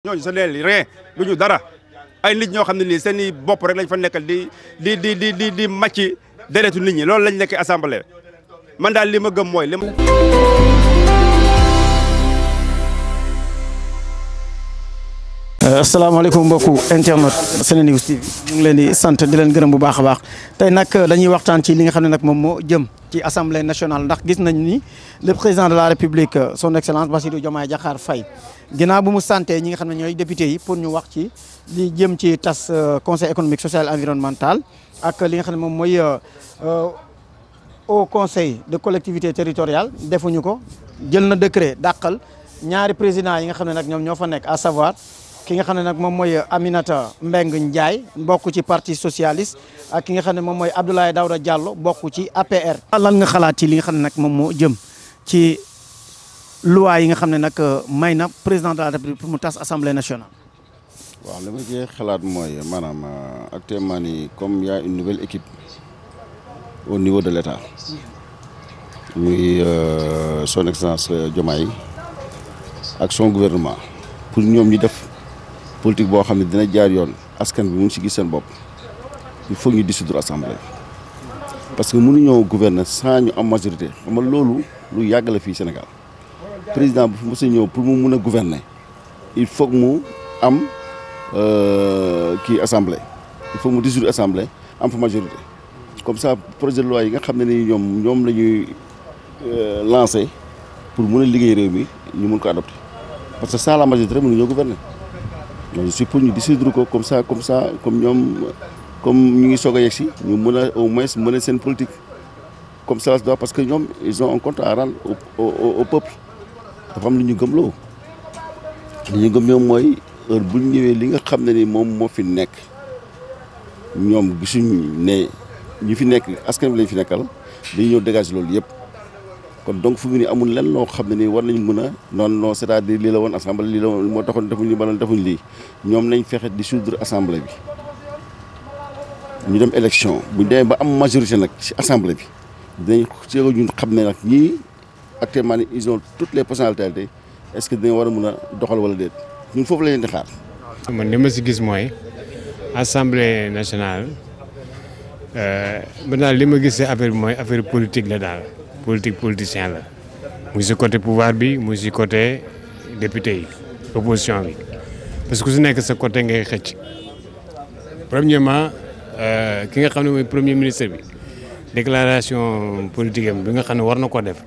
ñooñu sa leel rien du ñu dara ay nit ñoo xam ne nii seen i bopp rek lañ fa nekkal di di di di di di màcci deretu nit ñi loolu lañ nekk assemblée man daal lii ma gëm mooy li euh, asalaamaaleykum mbokku internet seeni TV ñu ngi leen di sant di leen gërëm bu baax a baax tey nag euh, dañuy waxtaan ci li nga xam ne nag moom moo jëm ci assemblée nationale ndax gis nañ ni le président de la république euh, son excellence Bassirou Diomaye Diakhar Faye nous bu mu santé ñi nga député yi pour ñu wax ci li jëm ci tas euh, conseil économique social et environnemental ak li nga xam ne euh, au conseil de collectivité territoriale nous ko jël na décret dàqal ñaari président yi nga xam à savoir ki nga xam ne nag moom mooy Aminata Mbengue Ndiaye mbokku ci parti socialiste ak ki nga xam ne moom mooy Abdoulaye Daouda Diallo bokk ci APR. lan nga xalaat ci li nga xam ne nag moom moo jëm ci loi yi nga xam ne nag euh, may na président de la république pour mu tas assemblée nationale. waaw li ma ci xalaat mooy maanaam euh, actuellement nii comme y a au niveau de l'État muy euh, son excellence Diomaye ak gouvernement pour ñoom ñi def. politique bo xamni dina jaar yoon askan bi mu ci gissal bop il faut ñu dissoudre assemblée parce que ñoo gouverner sans ñu am majorité xam nga loolu lu yag la fi Sénégal président bu fi mos a pour mu mëna gouverner il faut mu am euh, ki assemblée il faut mu dissoudre assemblée am fa majorité comme ça projet de loi yi nga xamné ni ñom ñom lañuy euh lancer pour mëna liggéey réew mi ñu mun ko adopter parce que sans la majorité mënu ñoo gouverner. je pour nous comme ça comme ça comme nous comme au moins mener politique comme ça doit parce que nous ils ont un compte à rendre au au peuple dafa am lu ñu gëm l'eau nous ñu nous heure bu li nga xamné ni mom mo fi nekk né ñu fi nekk askan lañ fi nekkal dañu kon donc fu ni ne amul lenn loo xam ne nii war nañ mën a noonu non c'est-à-dire lii la woon assemblée lii la woon moo taxoon defuñu ba defuñ lii ñoom nañ fexe di dissoudre assemblée bi ñu dem élection bu ñu demee ba am majorité nag ci assemblée bi dinañ seego ñun xam ne nag ñii actuellement ni ils ont toutes les personnalités est-ce que dinañ war a mën a doxal wala déet ñun foofu la leen di xaar. man li ma si gis mooy assemblée nationale euh, man daal li ma gis affaire bi mooy affaire politique la daal politique politicien la muy si côté pouvoir bi muy si côté député opposition bi parce que ku si nekk sa côté ngay xëcc premièrement euh, ki nga xam ne premier ministre bi déclaration politique am bi nga xam ne war na ko def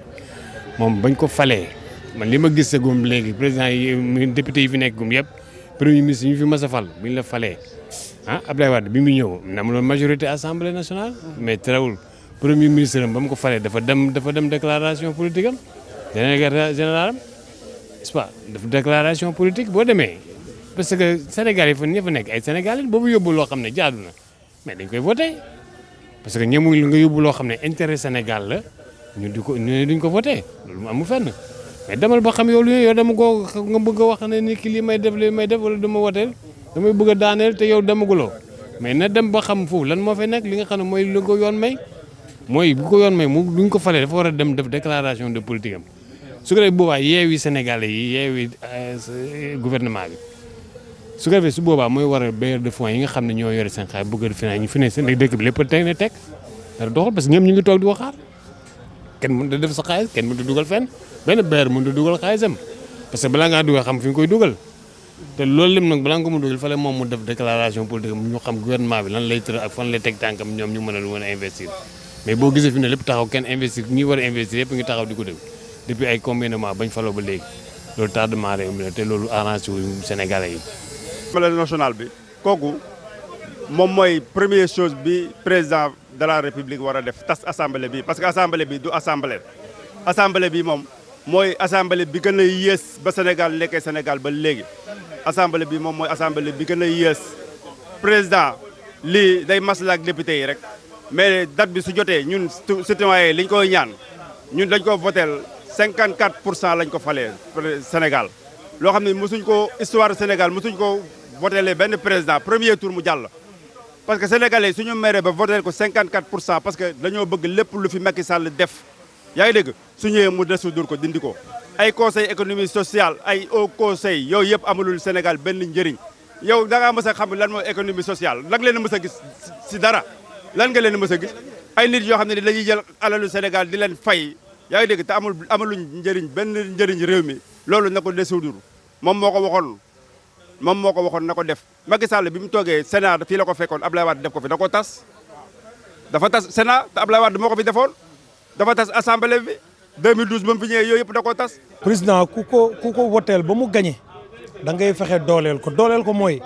moom bañ ko falee man li ma gis président yi député yi fi gum premier ministre ñu fi mas fal bu la falee ah Abdoulaye Wade bi mu ñëw na majorité assemblée nationale mais terewul premier ministre am ba mu ko falee dafa dem dafa dem déclaration politique am délégué général am n'est-ce pas dafa déclaration politique boo demee parce que Sénégal yi fa ña fa nekk ay Sénégalais boobu yóbbu loo xam ne jaadu na mais dañ koy voté parce que ñemu nga yóbbu loo xam ne intérêt Sénégal la ñu di ko ñu duñ ko voté loolu amu fenn mais demal ba xam yow lu yow dama ko nga bëgg a wax ne ni ki lii may def lii may def wala dama woteel damay bëgg a daaneel te yow demaguloo mais na dem boo xam foofu lan moo fay nekk li nga xam ne mooy lu ko yoon may mooy bu ko yoon may mu duñ ko falee dafa war a dem def déclaration de politique am su ko defee boobaa yeewi Sénégalais yi yeewi euh, gouvernement bi su ko defee su boobaa mooy war a bailleur de fonds yi nga xam ne ñoo yore seen xaalis bëgg a financé seen dëkk lépp a teg ne teg ñu ngi toog di ko xaar kenn mënut def sa xaalis kenn mënut a dugal fenn benn bailleur mënut a dugal xaalisam que balaa ngaa dugal xam fi nga koy dugal te loolu lim nag balaa nga ko mu dugal fale moom mu def déclaration politique ñu xam gouvernement bi lan lay tëral ak fan lay teg tànkam ñoom ñu mën a lu mën investir mais bo gisee fi ne lépp taxaw kenn investir ñi war investir yëpp ngi taxaw di dem depuis ay combien de mois bañ falo ba léegi lolu tardement lay am te loolu arrangé wu Sénégalais yi. assemblée nationale bi koku mom moy première chose bi président de la république wara def tas assemblée bi parce que assemblée bi du assemblée. assemblée bi mom moy assemblée bi gën a ba Sénégal nekkee Sénégal ba légui assemblée bi mom moy assemblée bi gën a président li day maslak député yi rek. mais date bi su jotee ñun citoyen yi li ñu koy ñaan ñun dañ ko voteel 54 pour cent lañ ko falee Sénégal loo xam ne mosuñ ko histoire Sénégal mosuñ ko votelee benn président premier tour mu jàll parce que sénégalais suñu meree ba votel ko 54 pour cent parce que dañoo bëgg lépp lu fi Macky Sall def yaa ngi dégg su mu desu dur ko dindi ko ay conseil économique social ay haut conseil yooyu yëpp amalul Sénégal benn njëriñ yow da ngaa mës a xam lan mooy économie sociale nag leen mës a gis si dara lan nga leen mës a gis ay nit yoo xam ne dañuy jël alalu Sénégal di leen fay yaa ngi dégg te amul amaluñ njëriñ benn njëriñ réew mi loolu na ko desudur moom moo ko waxoon moom moo ko waxoon na ko def Macky Sall bi mu toogee Sénat fii la ko fekkoon Abdoulaye waat def ko fi da ko tas dafa tas Sénat te Abdoulaye Wade moo ko fi defoon dafa tas assemblée bi 2012 ba mu fi ñëwee yooyu yëpp da ko tas président ku ko ku ko woteel ba mu gañe da ngay fexe dooleel ko dooleel ko mooy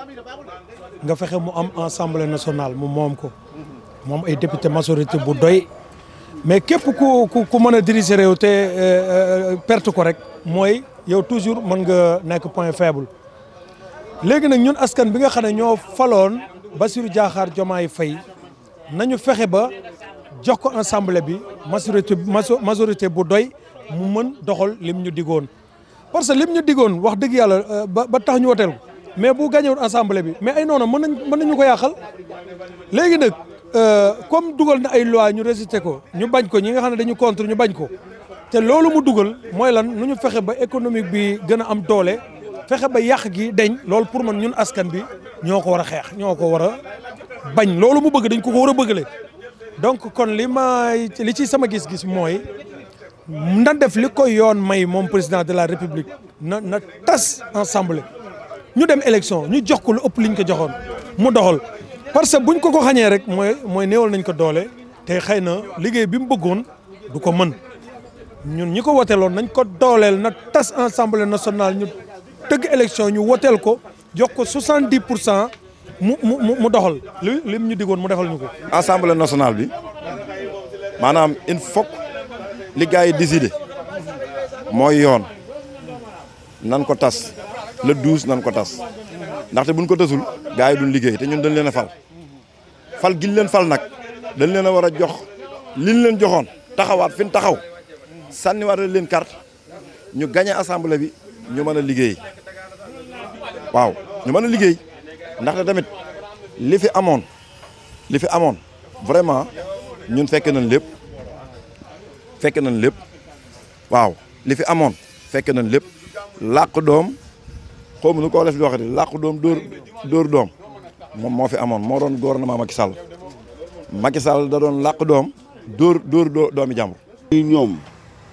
nga fexe mu am assemblée nationale mu moom ko moom ay député majorité bu doy mais képp ku ku ku mën a diriger réew te euh, euh, perte ko rek mooy yow toujours mën nga nekk point faible. léegi nag ñun askan bi nga xam ne ñoo faloon Bassirou Diakhar Diomaye Faye nañu fexe ba jox ko assemblée bi majorité majorité bu doy mu mën doxal lim ñu digoon. parce que lim ñu digoon wax dëgg yàlla euh, ba ba tax ñu woteel ko mais bu gagné wul assemblée bi mais ay noonu mën nañ mën nañu ko yàqal léegi nag. Euh, comme dugal na ay loi ñu résister ko ñu bañ ko ñi nga xam ne dañu contre ñu bañ ko te loolu mu dugal mooy lan nu ñu fexe ba économique bi gën a am doole fexe ba yàq gi deñ loolu pour man ñun askan bi ñoo ko war a xeex ñoo ko war a bañ loolu mu bëgg dañ ko ko war a bëggale donc kon li may li ci sama gis-gis mooy na def li ko yoon may moom président de la république na na tas ensemble ñu dem élection ñu jox ko lu ëpp liñ ko joxoon mu doxal parce que bu buñ ko ko xañee rek mooy mooy nañ ko doole te xëy na liggéey bi mu bëggoon du ko mën ñun ñi ko woteeloon nañ ko dooleel na tas assemblée national ñu tëgg élection ñu woteel ko jox ko 70 pour cent mu mu mu doxal li lim ñu digoon mu defal ñu ko. assemblée nationale bi maanaam il faut li gars yi décider mooy yoon nan ko tas le 12 nan ko tas ndaxte buñ ko tasul gars yi duñ liggéey te ñun dañ leen a fal. fal giñ leen fal nag dañ leen a war a jox liñ leen joxoon taxawaat fi ñu taxaw sànniwaat leen kart ñu gañe assemblée bi ñu mën a liggéey waaw ñu mën a liggéey ndaxte tamit li fi amoon li fi amoon vraiment ñun fekke nañ lépp fekk nañ lépp waaw li fi amoon fekk nañ lépp làq doom xaw ma nu ko def di waxati làq doom dóor dóor doom moom moo fi amoon moo doon gouvernement Macky Sall Macky Sall da doon làq doom dóor dóor doomi jàmbur. ni ñoom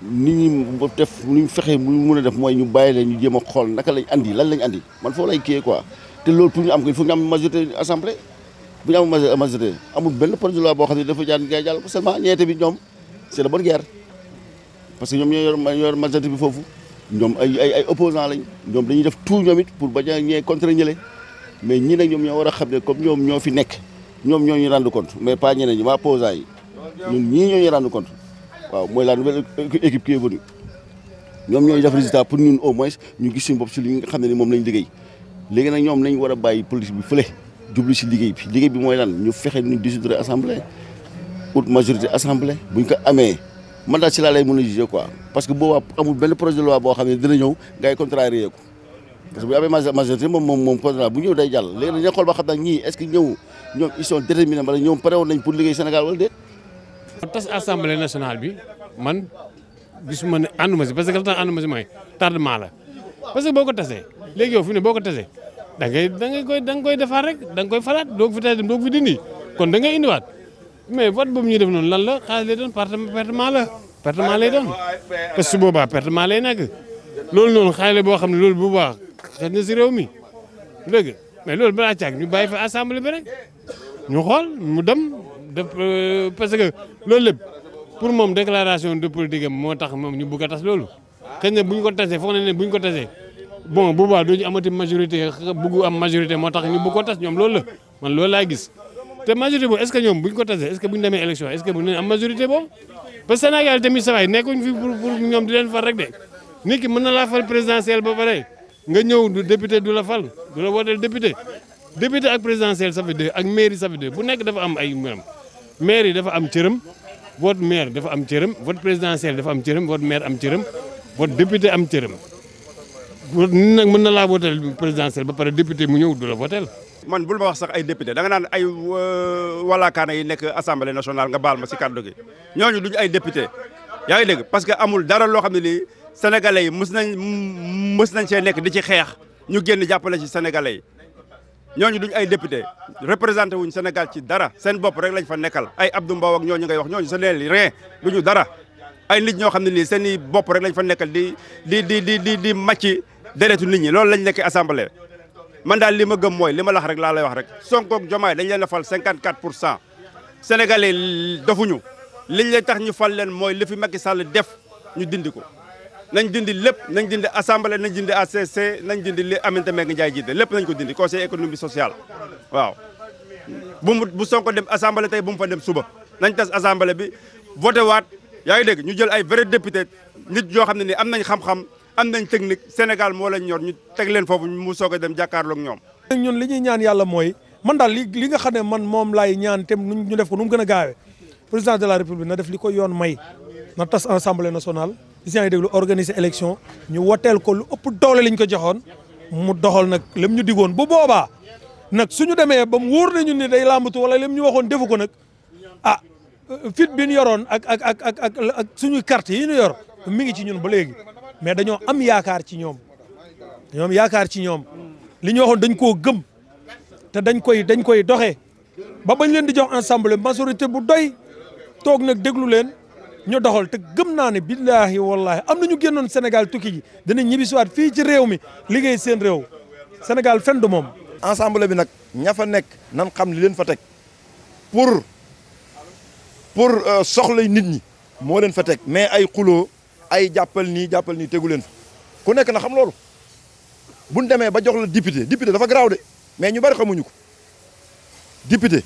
ni ñu def ni ñu fexe mu mën a def mooy ñu bàyyi leen ñu jéem a xool naka lañ andi lan lañ andi man foofu lay kiiyee quoi te loolu pour ñu am ko il faut ñu am majorité assemblée bu ñu am majorité amul benn projet de boo xam ne dafa jaan ngay jàll ko seulement bi ñoom c'est la parce que ñoom ñoo yor ñoo yor majorité bi foofu ñoom ay ay ay opposants lañ ñoom dañuy def tout ñoom it pour bañ a ñee contre ñële mais ñii nag ñoom ñoo war a xam ne comme ñoom ñoo fi nekk ñoom ñoo ñu rendre mais pas ñeneen ñi waa POSA ñun ñii ñoo ñu rendre waaw mooy la nouvelle équipe qui est venue ñoom ñooy def résultat pour ñun au moins ñu gis suñu bopp si li xam ne ni moom lañ liggéey léegi nag ñoom nañ war a bàyyi politique bi fële jublu si liggéey bi liggéey bi mooy lan ñu fexe ñu dissoudre assemblée haute majorité assemblée buñ ko amee man daal si laa lay mën a juger quoi parce que boo amul benn projet de loi boo xam ne dina ñëw ngay contrarier ko parce que bu moom moom moom contrat bu ñëw day jàll léegi nag dañuy xool ba xam nag ñii est que ñëw ñoom ils sont déterminés wala ñoom pare woon nañ pour liggéey Sénégal wala déet. tas assemblée nationale bi man gisuma ne ànduma si parce que li tax ànduma si mooy tardement la parce que boo ko tasee léegi yow fi ne boo ko tasee da ngay koy da nga koy defaat rek danga koy faraat doo ko fi tase dem doo ko fi dindi kon da indiwaat mais vote boobu ñuy def noon lan la xaalis lay doon pertement la pertement lay doon parce loolu noonu xaalis boo xam ne loolu bu baax. xëy na si réew mi dëgg mais loolu balaa caag ñu bàyyi fa assemblée bi ñu xool mu dem def euh, parce que loolu lépp pour moom déclaration de politique moo tax moom ñu bëgg a tas loolu. xëy na bu ñu ko tasee foog nañ ne bu ñu ko tasee bon bu am majorité moo tax ñu bëgg ko tas ñoom loolu la man loolu laa gis. te majorité boobu est-ce que ñoom bu ñu ko tasee est-ce que bu ñu élection est-ce que bu ñu am majorité boobu parce que Sénégal tamit saa waay nekkuñ fi pour pour ñoom di leen far rek de nit ki mën na laa far présidentielle ba pare. nga ñëw du député du la fal du la wooteel député député ak présidentiel ça fait deux ak mairie ça bu nekk dafa am ay mbiram mairie dafa am cërëm vote maire dafa am cërëm vote présidentiel dafa am cërëm vote maire am cërëm vote député am cërëm nit nag mën na laa wooteel présidentiel ba pare député mu ñëw du la wooteel. man bul ma wax sax ay député danga nga naan ay walaakaana yi nekk assemblée nationale nga baal ma si kàddu gi ñooñu duñu ay député yaa ngi dégg parce que amul dara loo xam ne lii. sénégalais yi mës nañ mës nañ see nekk di ci xeex ñu génn jàppale ci sénégalais yi ñooñu duñ ay député représenté wuñ Sénégal ci dara seen bopp rek lañ fa nekkal ay Abdou Mbow ak ñooñu ngay wax ñooñu sa neel rien ñu dara ay nit ñoo xam ne nii seen i bopp rek lañ fa nekkal di di di di di di màcc deretu nit ñi loolu lañ nekkee assemblée man daal li ma gëm mooy li ma lax rek laa lay wax rek Sonko ak Diomaye dañ leen a fal 54 pour cent sénégalais dofuñu liñ leen tax ñu fal leen mooy li fi Macky Sall def ñu dindi ko nañ dindi lépp nañ dindi assemblée nañ dindi ACC nañ dindi li Aminata Mbengue Ndiaye jiite lépp nañ ko dindi conseil économique social waaw. bu mu bu Sonko dem assemblée tey bu mu fa dem suba nañ tas assemblée bi voté waat yaa ngi dégg ñu jël ay vrai député nit yoo xam ne nii am nañ xam-xam am nañ technique Sénégal moo lañ ñor ñu teg leen foofu mu soog a dem jàkkaarloog ñoom. ñun li ñuy ñaan yàlla mooy man daal li li nga xam ne man moom laay ñaan te ñu def ko nu mu gën a gaawee président de la république na def li ko yoon may na tas assemblée nationale. si yaa ngi déglu organiser élection ñu woteel ko lu ëpp doole liñ ko joxoon mu doxal nag lim ñu digoon bu boobaa nag suñu demee ba mu wóor na ñun ne day làmbatu wala lim ñu waxoon defu ko nag a ah, fit bi ñu yoroon ak ak ak ak ak suñu carte yi ñu yor mi ngi ci ñun ba léegi mais dañoo am yaakaar ci ñoom ñoom yaakaar ci ñoom li ñu waxoon dañ koo gëm te dañ koy dañ koy doxee ba bañ leen di jox ensemble majorité bu doy toog nag déglu leen ñu doxal te gëm xam naa ne billahi wallahi am na ñu senegal Sénégal tukki ji dinañ ñibbisiwaat fii ci réew mi liggéey seen réew Sénégal fen du moom. ensemble bi nag ña fa nekk nan xam li leen fa teg pour pour euh, soxlay nit ñi moo leen fa teg mais ay xuloo ay jàppal nii jàppal nii tegu leen ku nekk na xam loolu bu ñu ba jox la député député dafa garaaw de mais ñu bari xamuñu ko député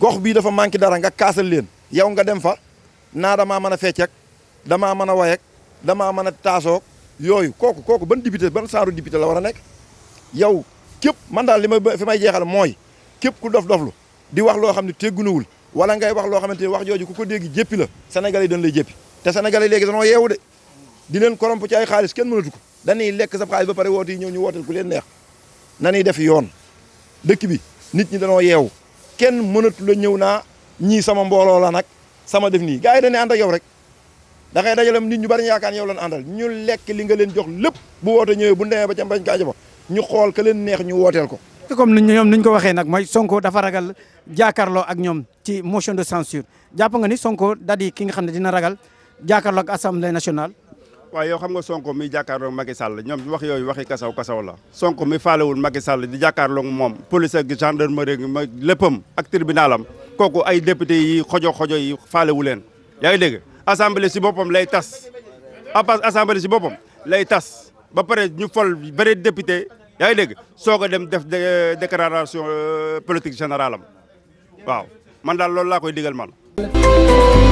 gox bii dafa manqué dara nga kaasal leen yow nga dem fa. naa damaa mën a fecc ak damaa mën a way damaa mën a taasoog yooyu kooku kooku ban député ban saaru député la war a nekk yow képp man daal li ma fi may jeexal mooy képp ku dof doflu di wax loo xam ne teggunuwul wala ngay wax loo xamante ni wax jooju ko ko dégg jéppi la Sénégal yi dañ lay jéppi te Sénégal yi léegi danoo yeewu de di leen koromp ci ay xaalis kenn mënatu ko dañuy lekk sa xaalis ba pare woote i ñëw ñu wooteel ku leen neex na ñuy def yoon dëkk bi nit ñi danoo yeewu kenn mënatu ñëw naa ñii sama mbooloo la nag sama def nii gars yi dañuy ànd ak yow rek da ngay nit ñu bari ñu yaakaar yow lan àndal ñu lekk li nga leen jox lépp bu woote ñëwee bu demee ba ca mbañ kaajo ba ñu xool leen neex ñu wooteel ko comme ni ñoom ni ñu ko waxee nag mooy Sonko dafa ragal jàkkaarloo ak ñoom ci motion de censure jàpp nga ni Sonko daal ki nga xam ne dina ragal jàkkaarloo ak assemblée nationale waaw yow xam nga Sonko mi jàkkaarloo Macky Sall ñoom wax yooyu waxi kasaw kasaw la Sonko mi faalewul Macky Sall di jàkkaarloo moom police ak gendarmerie léppam ak tribunalam kooku ay député yi xojo xojo yi faalewu leen yaa ngi dégg assemblée si boppam lay tas apas assemblée si boppam lay tas ba pare ñu fol bëri député yaa ngi dégg soog a dem def déclaration euh, politique générale am waaw man daal loolu laa koy digal man